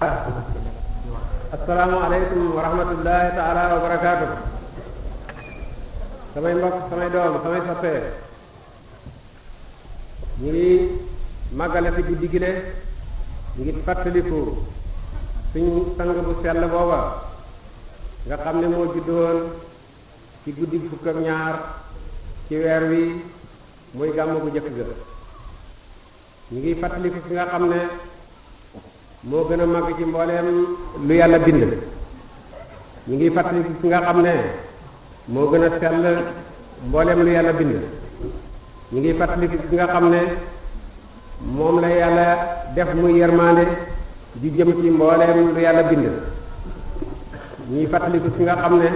asalaamaaleykum wa rahmatullahi taala wa barakaatu samay mbokk samay doom samay soppee ñu ngi màggale fi guddi gi ne ñu ngi fàttaliku suñu sang bu sell booba nga xam ne moo juddoon ci guddi fukk ak ñaar ci weer wi muy gàmm gu jëkk ga ñu ngi fàttaliku ki nga xam ne moo gën a màgg ci mbooleem lu yàlla bind ñu ngi fàttali ki nga xam ne moo gën a sell mbooleem lu yàlla bind ñu ngi fàttali ki nga xam ne moom la yàlla def di jëm ci yàlla bind ñuy fàttaliku nga xam ne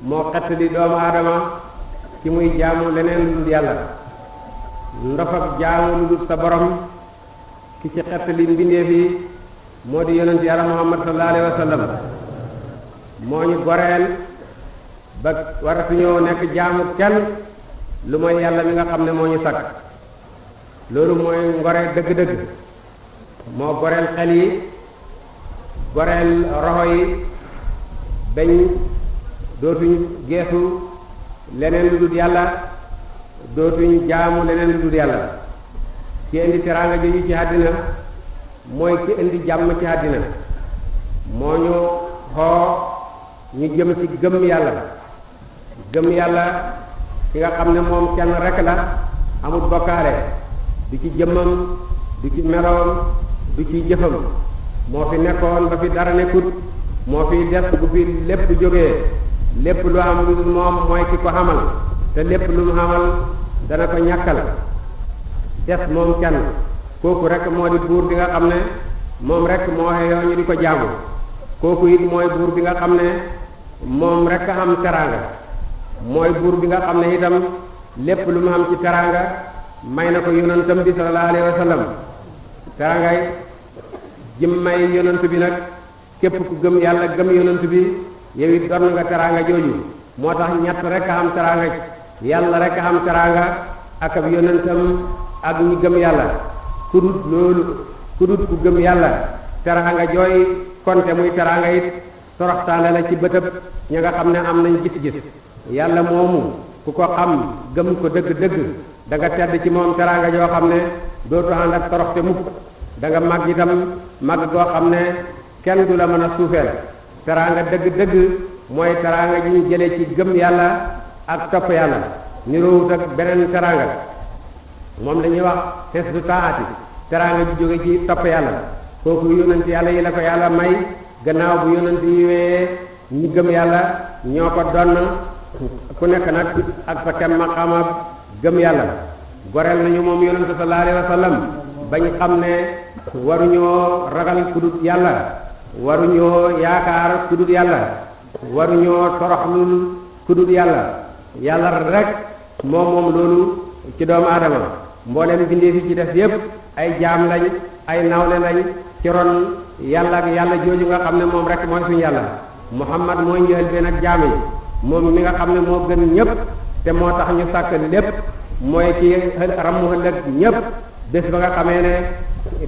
moo xett li doomu aadama ci muy jaamu leneen lu yàlla ndof jaamu lu dul sa borom ki ci xettali mbindeef yi moo di yonent yàlla muhammad sallallahu alayhi wa moo ñu goreel ba waratuñoo nekk jaamu kenn lu mooy yàlla mi nga xam ne moo ñu sakk loolu mooy ngoree dëgg-dëgg moo goreel xel yi goreel roxo yi bañ dootuñ geesu leneen lu dul yàlla dootuñ jaamu leneen lu dul yàlla ki indi teraanga jooju ci àddina mooy ki indi jàmm ci àddina moo ñu xoo ñu jëm ci gëm yàlla gëm yàlla ki nga xam ne moom kenn rekk la amul bokkaale du ci jëmmam du ci meloom du ci jëfam moo fi nekkoon ba fi dara nekkut moo fi des bu fi lépp jógee lépp lu am lu moom mooy ki ko xamal te lépp lu mu xamal dana ko ñàkkal des moom kenn kooku rek moo di buur bi nga xam ne moom rek moo xeyoo ñu di ko jaamu kooku it mooy buur bi nga xam ne moom rek am teraanga mooy buur bi nga xam ne itam lépp lu mu am ci teraanga may na ko yonentam bi sallallahu alayhi wa sallam teraangay jim may yonent bi nag képp ku gëm yàlla gëm yonent bi yow it doon nga teraanga jooju moo tax ñett rek am teraanga yàlla rek am teraanga ak ab yonentam ak ñi gëm yàlla ku dut loolu ku ku gëm yàlla teraanga jooy konte muy teraanga it toroxtaane la ci bëtëb ñi nga xam ne am nañ gis-gis yàlla moomu ku ko xam gëm ko dëgg-dëgg da nga tedd ci moom teraanga joo xam ne dootu ànd ak toroxte mukk da nga màgg itam màgg goo xam ne kenn du la mën a suufeel teraanga dëgg-dëgg mooy teraanga ji ñu jëlee ci gëm yàlla ak topp yàlla niroowut ak beneen teraanga moom lañuy ñuy wax xes du taati teraanga ju jóge ci topp yàlla kooku yonent yàlla yi la ko yàlla may gannaaw bu yonent yi wee ñi gëm yàlla ñoo ko donn ku nekk nag ak sa kem maqaama gëm yàlla goreel nañu moom yonent sallallahu alayhi wa sallam bañ xam ne waruñoo ragal kudut yàlla waruñoo yaakaar kudut yàlla waruñoo toroxlul kudut yàlla yàlla rek moom moom loolu ci doomu aadama mboolem bindee fi ci def yépp ay jaam lañ ay nawle lañ ci ron yàlla ak yàlla jooju nga xam ne moom rek mooy suñu yàlla muhammad mooy njël bi nag jaam yi moom mi nga xam ne moo gën ñépp te moo tax ñu sàkk lépp mooy ci rammu ëllëg ñépp bés ba nga xamee ne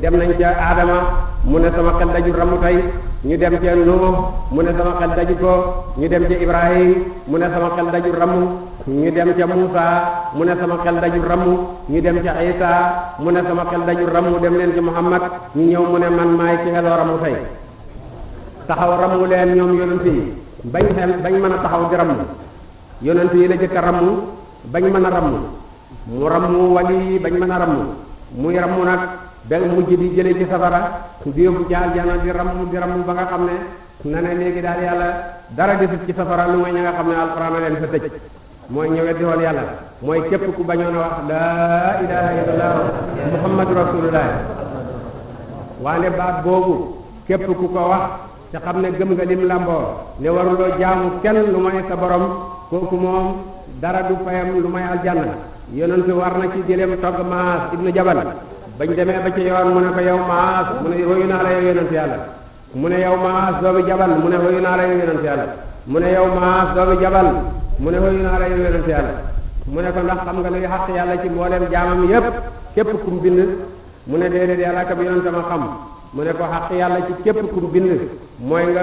dem nañ ca Adama mu ne sama xel daju ramu tey ñu dem ca Nuux mu ne sama xel daju ko ñu dem ca Ibrahim mu ne sama xel daju ramu ñu dem ca Muusa mu ne sama xel daju ramu ñu dem ca Isa mu ne sama xel daju ramu dem leen ci Muhammad ñu ñëw mu ne man maay ci xeloo ramu tey taxaw ramu leen ñoom yonent yi bañ xel bañ mën a taxaw di ramu yonent yi la jëkk a ramu bañ mën a ramu mu ramu wali bañ mën a ramu muy ramu nag da mujj di jëlee ci safara di yóbbu ci aljana di ramm di ramm ba nga xam ne na ne léegi daal yàlla dara defit ci safara lu mooy ña nga xam ne alxuraan a fa tëj mooy ñëwet di woon yàlla mooy képp ku bañoon a wax laa ilaha illallah muhammadu rasulullah waane baat boobu képp ku ko wax te xam ne gëm nga lim lamboo ne waruloo jaamu kenn lu may sa borom kooku moom dara du fayam lu may aljanna yonentu war na ci jëleem togg maas ibnu jabal bañ demee ba ci yoon mu ne ko yow maas mu ne hoyu naa la yow yàlla mu ne yow maas doomi jabal mu ne la yow yonent yàlla mu ne yow maas doomi jabal mu ne hoyu naa la yow yonent yàlla mu ne ko ndax xam nga luy xaq yàlla ci mbooleem jaamam yépp képp kum bind mu ne déedéet yàlla ka bi yonent ma xam mu ne ko xaq yàlla ci képp kum bind mooy nga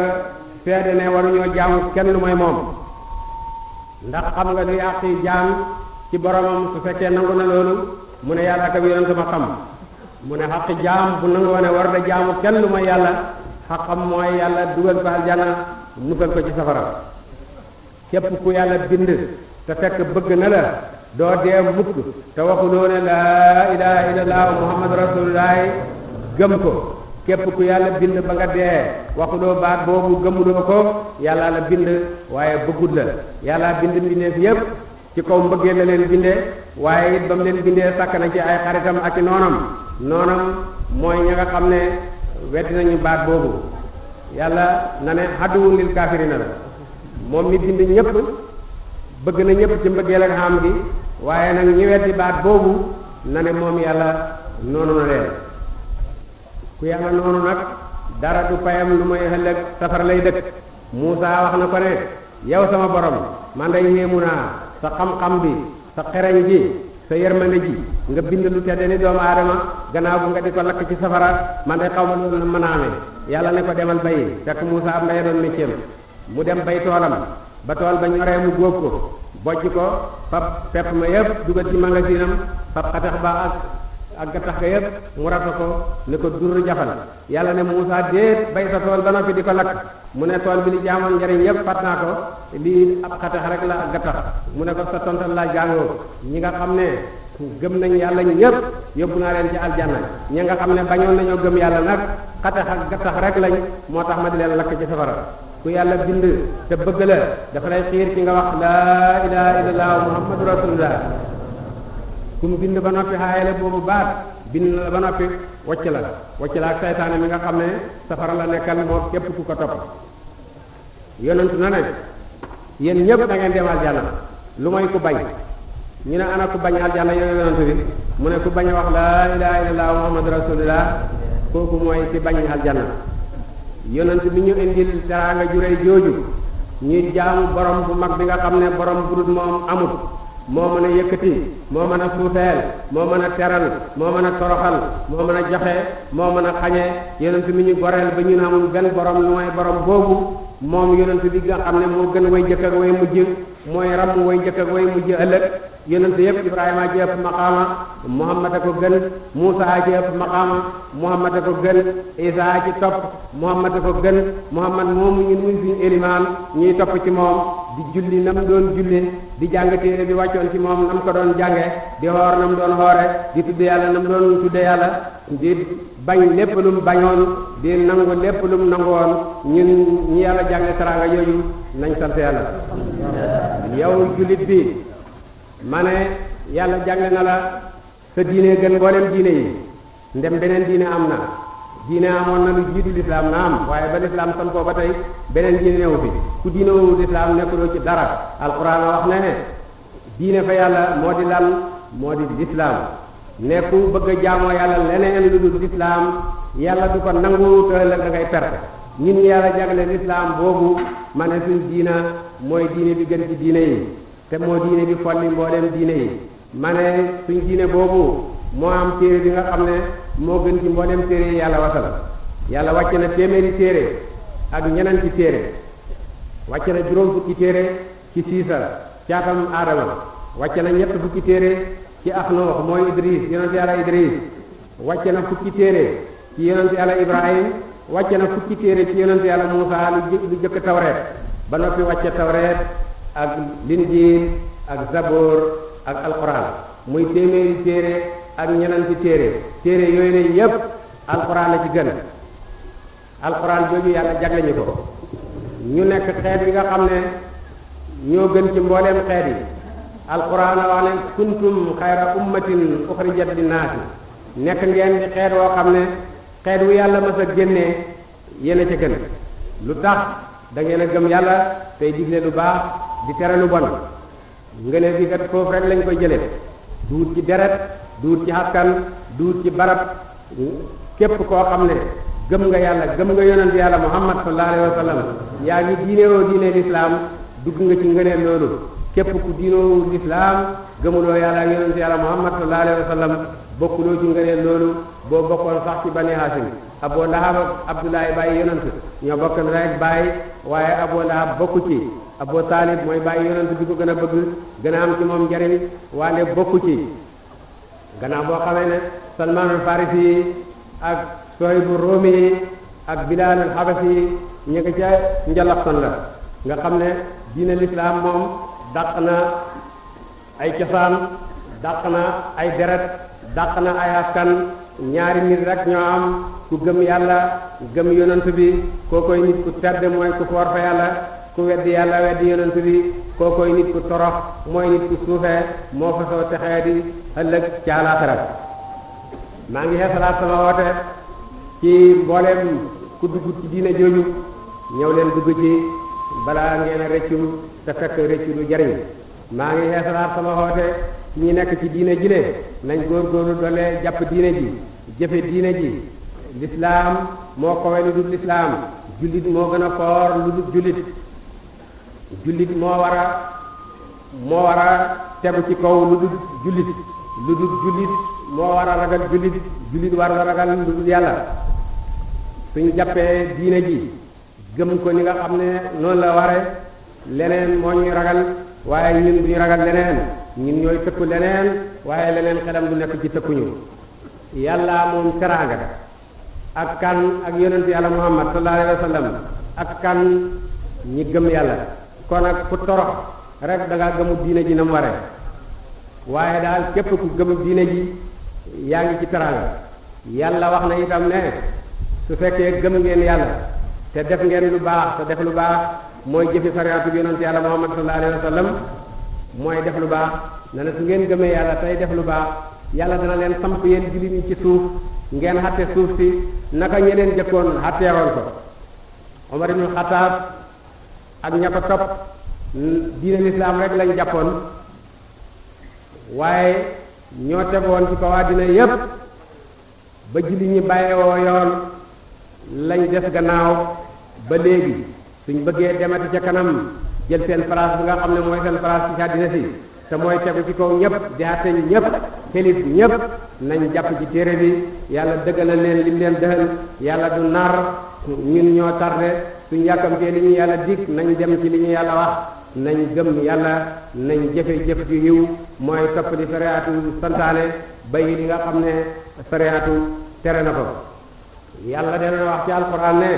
seede ne waruñoo jaamu kenn lu mooy moom ndax xam nga luy àqi jaam ci boromam su fekkee nangu na loolu mu ne yàlla ka bi yonent ma xam mu ne xaqi jaam bu nangoo ne war na jaamu kenn lu ma yàlla xaqam mooy yàlla dugal ko aljana nugal ko ci safara képp ku yàlla bind te fekk bëgg na la doo dee mukk te waxuloo ne laa ilaha illallah muhammadu rasulullahi gëm ko képp ku yàlla bind ba nga dee waxuloo baat boobu gëmuloo ko yàlla la bind waaye bëggul la yàlla bind mbindeef yépp ci kaw mbëggee la leen bindee waaye it ba mu leen bindee sàkk na ci ay xaritam ak i noonam noonam mooy ña nga xam ne weddi nañu baat boobu yàlla na ne xadduwun lil kaafirina la moom mi bind ñépp bëgg na ñépp ci mbëggeel ak xam gi waaye nag ñi weddi baat boobu na ne moom yàlla noonu na leen ku yàlla noonu nag dara du payam lu may ëllëg safar lay dëkk Muusaa wax na ko ne yow sama borom man yéemu naa sa xam-xam bi sa xereñ bi sa yërmande ji nga bind lu te ni doomu aadama gannaaw bu nga di ko lakk ci safara man de xaw ma a amee yàlla ne ko demal bayi fekk Muusa am a doon métier mu dem bay toolam ba tool ba ñoree mu góob ko bojj ko fab pepp ma yëpp dugal ci magasinam fab xatax ba ak ak gattax ga yëpp mu ratt ko ne ko dur jafal yàlla ne Muusaa déet bay sa tool ba noppi di ko lakk mu ne tool bi ni jaamoon njariñ yëpp fat naa ko lii ab xatax rek la ak gattax mu ne ko sa tontal laa jàngoo ñi nga xam ne gëm nañu yàlla ñëpp yóbbu naa leen ci aljanna ñi nga xam ne bañoon nañoo gëm yàlla nag xatax ak gattax rek lañ moo tax ma di leen lakk ci safara ku yàlla bind te bëgg la dafa lay xiir ci nga wax laa ilaha illallah muhammadu rasulullah ku bind ba noppi xaayale boobu baat bind la ba noppi wacc la wacc la ak saytaane mi nga xam ne safara la nekkal moo képp ku ko topp yonentu na ne yéen ñëpp da dem aljanna lu mooy ku bañ ñu ne ana ku bañ aljanna yooyu yonentu bi mu ne ku bañ a wax laa ilaha illallah muhammadu rasulullah kooku mooy ki bañ aljanna yonent bi ñu indil teraanga jurey jooju ñuy jaamu borom bu mag bi nga xam ne borom bu dul moom amut moo mën a yëkkati moo mën a suufeel moo mën a teral moo mën a toroxal moo mën a joxe moo mën a xañe yonent mi ñu goreel ba ñu ne amul benn borom lu may borom boobu moom yonent bi nga am ne moo gën way jëkk ak way mujj mooy ramm way jëkk ak way mujj ëllëg yonent yëpp Ibrahima a ci ëpp maqaama Muhammad a ko gën Muusa a ci ëpp maqaama Muhammad ko gën Isa a ci topp Muhammad a ko gën Muhammad moomu ñun muy suñu élimaan ñuy topp ci moom di julli nam doon julli di jàng téere bi wàccoon ci moom nam ko doon jànge di xoor nam doon xoore di tudde yàlla nam doon tudde yàlla di bañ lépp lum bañoon di nangu lépp lum nangoon ñun ñu yàlla jànge teraanga yooyu nañ sant yàlla yow jullit bi ma yàlla jànge na la sa diine gën mboolem diine yi ndem beneen diine am na diine amoon na lu jiitu lislaam na am waaye ba lislaam san koo ba tey beneen diine newu fi ku diine lislaam nekkuloo ci dara alquran wax ne ne diine fa yàlla moo di lan moo di lislaam ne ku bëgg a jaamoo yàlla leneen lu lislaam yàlla du ko nangu te la da ngay perte yàlla jagleel lislaam boobu ma ne suñ diina mooy diine bi gën ci diine yi te moo diine bi folli mbooleem diine yi ma ne suñ diine boobu moo am téere bi nga xam ne moo gën ci mbooleem téere yi yàlla wasal yàlla wàcc na téeméeri téere ak ñeneen ci téere wàcc na juróom fukki téere ci siisal caatam aadama wàcc na ñett fukki téere ci ax noox mooy idris yonent yàlla idris wàcce na fukki téere ci yonent yàlla ibrahim wàcce na fukki téere ci yonent yàlla muusa lu lu jëkk tawreet ba noppi wàcce tawreet ak linjiil ak zaboor ak alxuraan muy téeméeri téere ak ñenanti téere téere yooyu ne yépp alquran la ci gën alquran jooju yàlla jagle ñu ko ñu nekk xeet yi nga xam ne ñoo gën ci mbooleem xeet yi alquran wax ne kuntum xayra ummatin uxrijat linnaasi nekk ngeen di xeet woo xam ne xeet wu yàlla mas a génnee yéen a lu tax da ngeen gëm yàlla tey digle lu baax di tere lu bon ngëneel gi kat foofu rek lañ koy jële duut ci deret duut ci askan duut ci barab képp koo xam ne gëm nga yàlla gëm nga yonent yàlla muhammad sallallahu alayhi wa sallam yaa ngi diine diine lislaam dugg nga ci ngëneel loolu képp ku diinoo lislaam gëmuloo yàlla ak yonente yàlla muhammad sallallahu alayhi boo bokkoon sax ci bani haasim aboo lahab bokk rek bàyyi waaye aboo lahab ci aboo taalib mooy gën a bëgg gën am ci njariñ waande bokku ci gannaaw boo xamee ne farisi yi ak sohibu roomi yi ak bilal al yi ñu ngi ca njalaxtan la nga xam ne diine lislaam moom dàq na ay cosaan dàq na ay deret dàq na ay askan ñaari nit rek ñoo am ku gëm yàlla gëm yonent bi kookoy nit ku tedd mooy ku foor fa yàlla ku weddi yàlla weddi yonent bi kookoy nit ku torox mooy nit ku suufee moo fa soo texee di ëllëg ca àllaaxira maa ngi xeesalaat sama woote ci mbooleem ku dugg ci diine jooju ñëw leen dugg ci balaa ngeen a rëcculu te fekk rëcculu jariñ maa ngi yeesalaat sama xoote ñi nekk ci diine ji le nañ góorgóorlu doole jàpp diine ji jëfe diine ji lislaam moo kowe lu dul lislaam jullit moo gën a koor lu dul jullit jullit moo war a ragal jullit jullit war a ragal lu dul yàlla suñu jàppee diine ji gëm ko ni nga xam ne noonu la ware leneen moo ñu ragal waaye ñun duñu ragal leneen ñun ñooy tëkku leneen waaye leneen xelam du nekk ci tëkkuñu yàlla moom teraanga ak kan ak yonent yàlla muhammad sallallahu alayhi wa sallam ak kan ñi gëm yàlla kon ak ku torox rek da nga gëmu diine ji na ware waaye daal képp ku gëm diine ji yaa ngi ci teraanga yàlla wax na itam ne su fekkee gëm ngeen yàlla te def ngeen lu baax te def lu baax mooy jëfi sariatu bi yonente yàlla muhammad sallallahu alayhi wa mooy def lu baax ne su ngeen gëmee yàlla tey def lu baax yàlla dana leen samp yéen jullit ñi ci suuf ngeen xatte suuf si naka ñeneen jëkkoon xatteewoon ko Omar ibn ak ña ko topp diine lislaam rek lañ jàppoon waaye ñoo tegoon ci kaw àddina yépp ba jullit ñi bàyyeewoo yoon lañ des gannaaw ba léegi suñ bëggee demati ca kanam jël seen place bu nga xam ne mooy seen place ci àddina si te mooy tegu ci kaw ñëpp di àtte ñëpp xelif ñëpp nañu jàpp ci téere bi yàlla dëgg dëggalal leen lim leen dëhal yàlla du nar ñun ñoo tarde suñ yàkkamtee li ñu yàlla dig nañu dem ci li ñu yàlla wax nañu gëm yàlla nañu jëfe jëf ju yiw mooy topp li sariyaatu santaane bàyyi li nga xam ne sariyaatu tere na ko yàlla dana wax ci alxuraan ne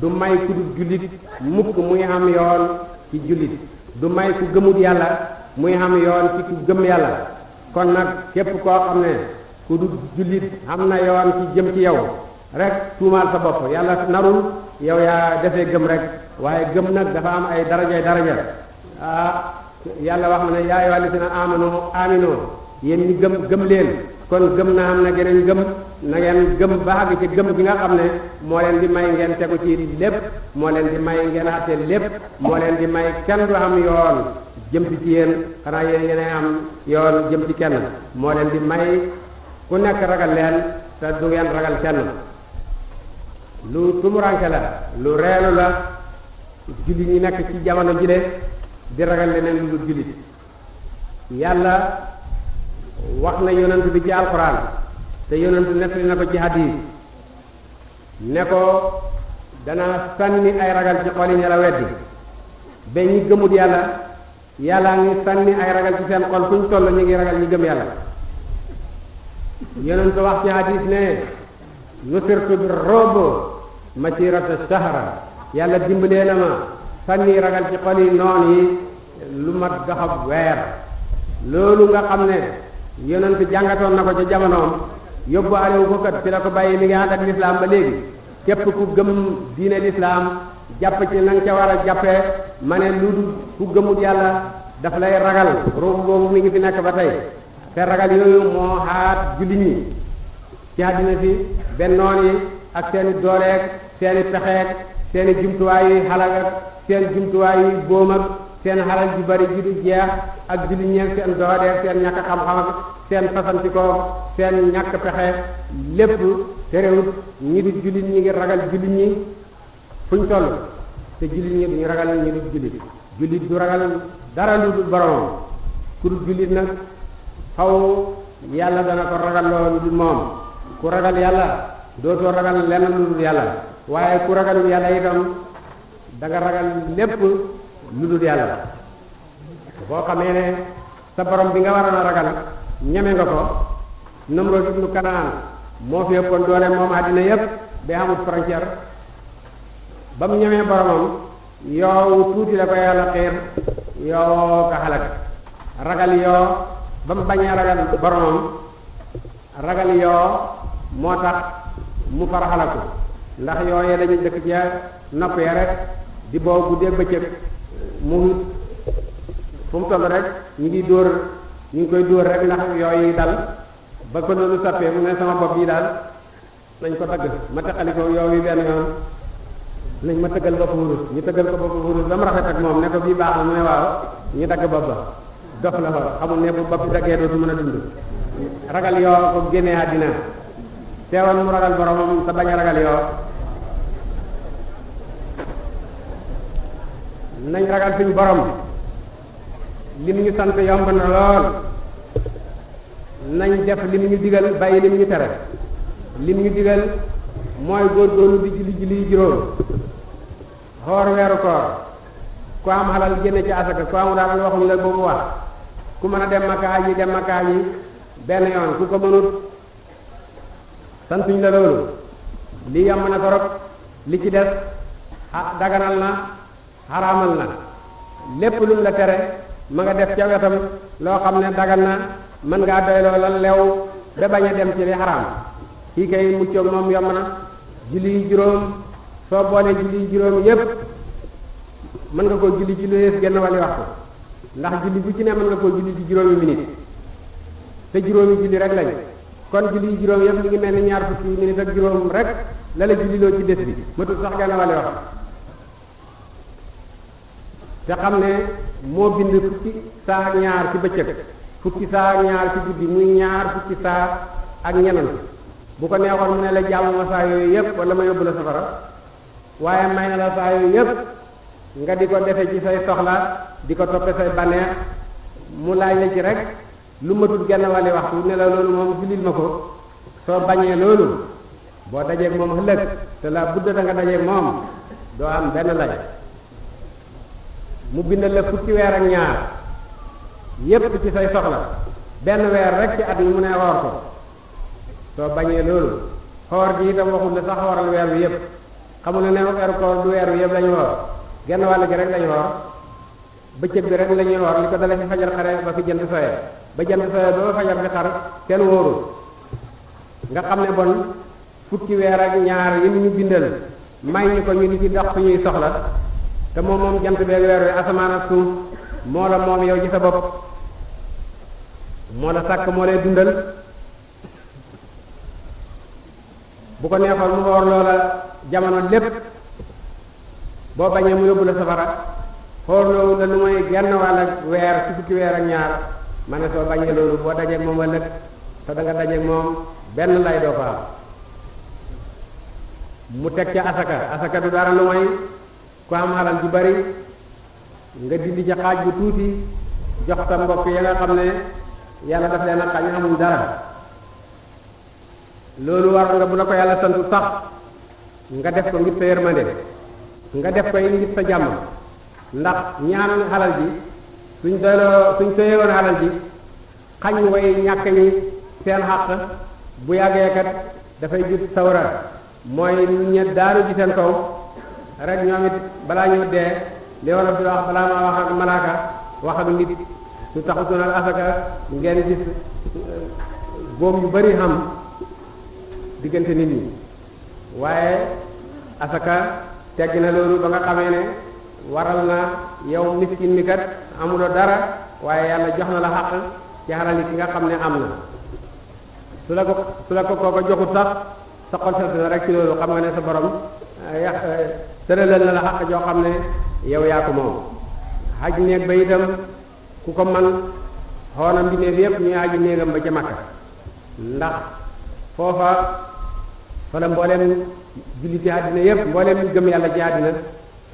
du may ku du jullit mukk muy am yoon ci jullit du may ku gëmut yàlla muy am yoon ci ku gëm yàlla kon nag képp koo xam ne ku jullit am na yoon ci jëm ci yow rek tuumaal sa bopp yàlla narul yow yaa defee gëm rek waaye gëm nag dafa am ay darajay daraja ah, yàlla wax na ne yaa ayyuhal lazina amanu aminu yéen gëm gëm leen kon gëm na am na geneen gëm na ngeen gëm ba àgg ci gëm bi nga xam ne moo leen di may ngeen tegu ci lépp moo leen di may ngeen àtte lépp moo leen di may kenn du am yoon jëm ci ci yéen xanaa yéen yéen am yoon jëm ci kenn moo leen di may ku nekk ragal leen te du ngeen ragal kenn lu tumuranke la lu reelu la jullit ñi nekk ci jamono jile di ragal leneen lu jullit yàlla wax na yonent bi ci alxuraan te yonent nettali na ko ci hadis ne ko dana danaa ni ay ragal ci xol yi ña la weddi ba ñi gëmut yàlla yàllaa ngi sànni ay ragal ci seen xol fu ñu toll ñu ngi ragal ñu gëm yàlla yonent wax ci hadis ne nusirtu bi robo masirata sahara yàlla dimbalee na ma sànni ragal ci xol yi noon yi lu mat doxab weer loolu nga xam ne yonent jàngatoon na ko ca jamonoom yóbbaale wu ko kat fi la ko bàyyi mi ngi ànd ak lislaam ba léegi képp ku gëm diine lislaam jàpp ci na nga ca war a jàppee ma ne lu ku gëmut yàlla daf lay ragal ruux boobu mi ngi fi nekk ba tey te ragal yooyu moo xaat jullit ñi ci àddina fi bennoon yi ak seeni dooleeg seeni pexeeg seeni jumtuwaay yi xalal ak jumtuwaay yi boom seen xalal ju bari ji du jeex ak ji du ñeex seen doodeeg seen ñàkk xam-xam ak seen fasantikoo seen ñàkk pexe lépp terewut ñi di jullit ñi ngi ragal jullit ñi fuñ toll te jullit ñi duñu ragal ñi di jullit jullit du ragal dara lu dul boromam ku dul jullit nag xaw yàlla dana ko ragal moom ku ragal yàlla dootoo ragal lenn lu dul yàlla waaye ku ragalul yàlla itam da nga ragal lépp lu dul yàlla la boo xamee ne sa borom bi nga war a ragal ñeme nga ko Namrod ibnu Kanaan moo fi ëppoon doole moom àddina yépp ba amul frontière ba mu ñemee boromam yow tuuti la ko yàlla xiir yoo ka xalak ragal yoo ba mu bañee ragal boromam ragal yoo moo tax mu far xalaku ndax yooye dañu dëkk ca nopp ya rek di boo guddee bëccëg mu ngi fu mu toll rek ñu ngi dóor ñu ngi koy dóor rek ndax yooyu dal ba ko noonu sappee mu ne sama bopp yi daal nañ ko dagg ma teqalikoo yooyu benn yoon nañ ma tëggal bopp wurus ñu tëggal ko bopp wurus ba mu rafet ak moom ne ko bii baax na mu ne waaw ñu dagg bopp ba dof la fa xamul ne bu bopp daggee dootu mën a dund ragal yoo ko génnee àddina teewal mu ragal boromam te bañ a ragal yoo nañ ragal suñu borom lim ñu sant yomb na lool nañ def lim ñu digal bàyyi lim ñu tere lim ñu digal mooy góorgóorlu di julli julli xoor weeru koor ku am xalal génne ci asaka ku amul alal waxuñ la boobu wax ku mën a dem Makka aji dem Makka aji benn yoon ku ko mënut santuñ la loolu li yomb na torop li ci des ah daganal na xaraamal na lépp lu la tere ma nga def ca wetam loo xam ne dagan na mën ngaa doyloo la leew ba bañ a dem ci li xaraam kii kay muccoog moom yomb na julli juróom soo boole julli juróom yépp mën nga koo julli ci lu yées genn wàlli waxtu ndax julli bu ci mën nga koo julli ci juróomi minute te juróomi julli rek lañ kon julli juróom yépp mi ngi mel ni ñaar fukki minute ak juróom rek la la julliloo ci des bi matul sax genn wàlli waxtu te xam ne moo bind fukki saa ñaar ci bëccëg fukki saa ñaar ci guddi muy ñaar fukki saa ak ñeneen bu ko neexoon mu ne la jàmm ma saa yooyu yëpp wala ma yóbbu la safara waaye may na la saa yooyu yëpp nga di ko defe ci say soxla di ko toppe say baneex mu laaj la ci rek lu matul genn wàlli waxtu ne la loolu moom filil ma ko soo bañee loolu boo dajeeg moom ëllëg te la budda da nga dajeeg moom doo am benn lay mu bindal la fukki weer ak ñaar yépp ci say soxla benn weer rek ci at mi mu ne woor ko soo bañee loolu xoor gi itam waxul ne sax xooral weer bi yépp xamul ne ne weeru koor du weer bi yépp lañu woor genn wàll gi rek lañu woor bëccëg bi rek lañuy woor li ko dale fi fajar xare ba fi jant soye ba jant soye ba ba fajar fi xar kenn wóorul nga xam ne bon fukki weer ak ñaar yi ñu bindal may ñu ko ñu di ci dox suñuy soxla te moom moom jant beeg weer wi asamaan ak suuf moo la moom yow ci sa bopp moo la sàkk moo lay dundal bu ko neexoon mu woor loola jamono lépp boo bañee mu yóbbu la safara xool loolu la lu mooy genn wàll weer ci fukki weer ak ñaar ma ne soo bañee loolu boo dajeeg moom wala te da nga dajeeg moom benn lay doo mu teg ca asaka asaka du dara lu mooy ku am alal ju bari nga dindi ci xaaj bu tuuti jox sa mbokk ya nga xam ne yàlla daf leen a xañ amul dara loolu war nga bu la ko yàlla santu sax nga def ko ngir sa yërmande nga def ko ngir sa jàmm ndax ñaan alal ji suñ doyloo suñ doyewoon alal ji xañ way ñàkk ñi seen xàq bu yàggee kat dafay jur sawra mooy ñe daanu ci seen kaw rek ñoom it balaa ñu dee li wolof di wax balaa maa wax ak malaaka wax ak nit su taxu sunal asaka ngeen gis euh, boom yu bari xam diggante nit ñi waaye asaka tegg na loolu ba nga xamee ne waral na yow miskin mi kat amuloo dara waaye yàlla jox na la xaq ci xaral yi ki nga xam ne am na su la ko su la ko kooko joxut sax sa xol na rek ci loolu xam nga ne sa borom tëralal na la xaq joo xam ne yow yaa ko moom xaj néeg ba itam ku ko man xoonam bi néeg yépp ñu xaj néegam ba ca ndax foofa fa la mbooleem julliti àddina yépp mbooleem gëm yàlla ci àddina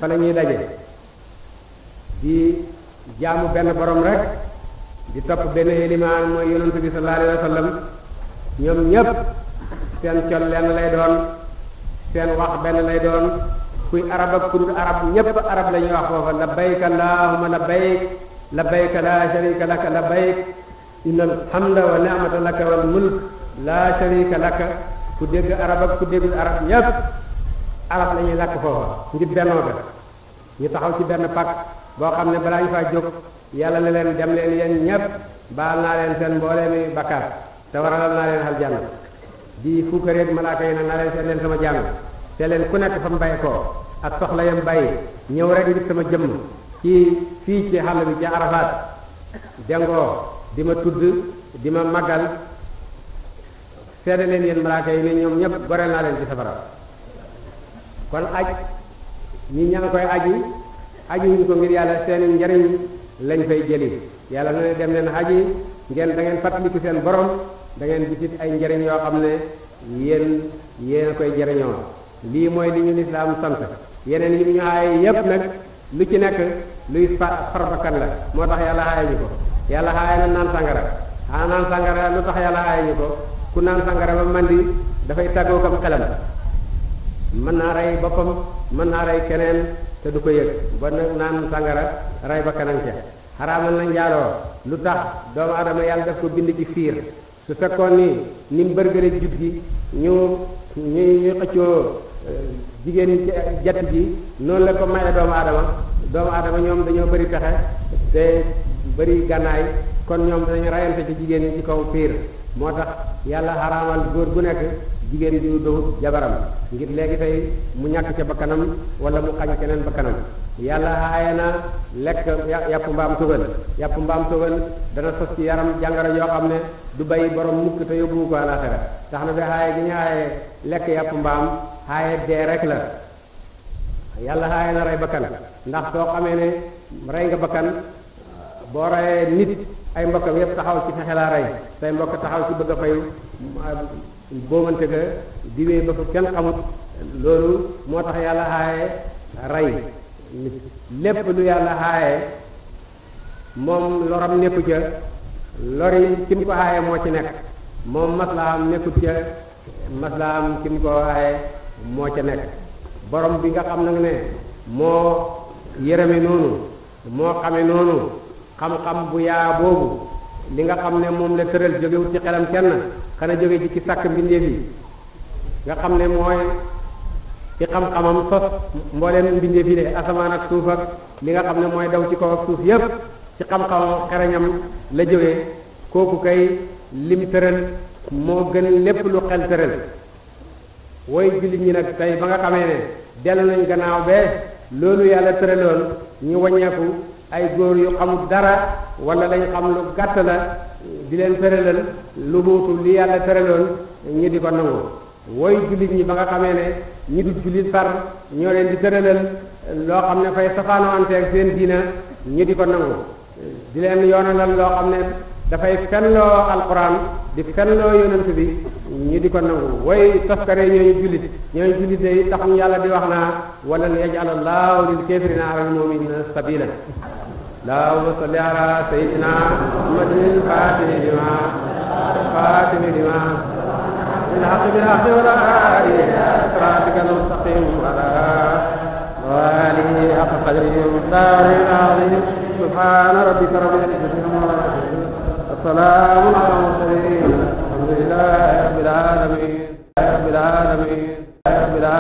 fa la ñuy daje di jaamu benn borom rek di topp benn élimaan mooy yonent bi sallallahu alayhi wa sallam ñoom ñépp seen col lenn lay doon seen wax benn lay doon kuy arab ak ku dul arab ñépp arab la ñuy wax foofa labbayka allahumma labbayk labbayka la sharika laka labbayk inna alhamda wa ni'mata laka wal mulk la sharika laka ku dégg arab ak ku déggul arab ñépp arab la ñuy foofa ngir bennoo ga ñu taxaw ci benn pak boo xam ne balaa ñu faa jóg yàlla ne leen dem leen yéen ñépp baal naa leen seen mboolee mi bakkaar te waralal naa leen aljanna di fuukareeg malaaka yi na na leen sama jàng te leen ku nekk fa mu bàyyi koo ak soxla yam bàyyi ñëw rek ngir sama jëmm ci fii ci xàll bi ci Arafat jangoo di ma tudd di ma màggal seede leen yéen malaaka yi ne ñoom ñëpp goreel naa leen ci safara kon aj ñi ña ngi koy aji aji ñu ko ngir yàlla seeni njariñ lañ fay jëli yàlla na ne dem leen aji ngeen da ngeen fàttaliku seen borom dangeen ngeen ay njariñ yoo xam ne yéen yéen koy jëriñoo lii mooy li ñu lislaam sant yeneen yi ñu aaye yépp nag lu ci nekk luy far farbakan la moo tax yàlla aaye ko yàlla aaye na naan sàngara a naan sangara lu tax yàlla aaye ñu ku naan sangara ba mandi dafay tàggoo kam mën naa rey boppam mën naa rey keneen te du ko yëg ba nag naan sangara rey ba kanam xaraamal na njaaloo lu tax doomu adama yàlla daf ko bind ci fiir su fekkoon ni ni mu bërgëre jub gi ñu ñu ñuy eh, jigéen ñi ci jatt ji noonu la ko maye doomu aadama doomu aadama ñoom dañoo bëri pexe te bëri gànnaay kon ñoom dañu rayante ci jigéen ñi ci kaw piir moo tax yàlla xaraamal góor gu nekk jigéen diw dowut jabaram ngir léegi tey mu ñàkk ca bakkanam wala mu xañ keneen bakkanam yàlla aaya na lekk yàpp mbaam tugal yàpp mbaam tugal dana sos ci yaram jàngoro yoo xam ne du bay borom mukk te yóbbu ko alaxira na bi xaaye gi lekk yàpp mbaam xaaye rek la yàlla xaaye na rey bakkan ndax soo xamee ne rey nga bakkan boo reyee nit ay mbokkam yépp taxaw ci fexe laa rey say mbokk taxaw ci bëgg a fayu boomante ka diwee ba kenn xamut loolu moo tax yàlla xaaye rey lépp lu yàlla xaaye moom loram nekku ca lori ci mu ko xaaye moo ci nekk moom maslaam nekkut ca maslaam ci mu ko xaaye moo ci nekk boroom bi nga xam nag ne moo yërëme noonu moo xame noonu xam-xam bu yaa boobu li nga xam ne moom la tëral jógewut ci xelam kenn xana jóge ci ki sàkk mbindeef yi nga xam ne mooy ci xam-xamam sos mbooleem mbindeef de asamaan ak suuf ak li nga xam ne mooy daw ci kaw ak suuf yépp ci xam-xamam xereñam la jóge kooku kay lim tëral moo gën lépp lu xel tëral way jullit ñi nag tey ba nga xamee ne dellu nañ gannaaw bee loolu yàlla tëraloon ñu wàññeeku ay góor yu xamul dara wala lañ xam lu gàtt la di leen tëralal lu muutu li yàlla tëraloon ñi di ko nangu wooy jullit ñi ba nga xamee ne ñi du jullit far ñoo leen di tëralal loo xam ne fay safaanoo anteeg seen diina ñi di ko nangu di leen yoonalal loo xam ne dafay fenloo alquran di fenloo yonent bi ñu di ko nangu way toskare ñooy jullit ñooy jullit day taxu yàlla di wax naa walan yajal allahu lil kafirina ala almuminina sabila allahumma salli ala sayidina muhammadin fatimi lima fatimi lima bil haqqi bil haqqi wala hadi siratika almustaqim wala alihi haqqa qadrihi wa miqdarihi alazim subhana rabbika rabbil izzati amma salaamun ala mursaliin alhamdulillahi rabbil aalamiin rabbil aalamiin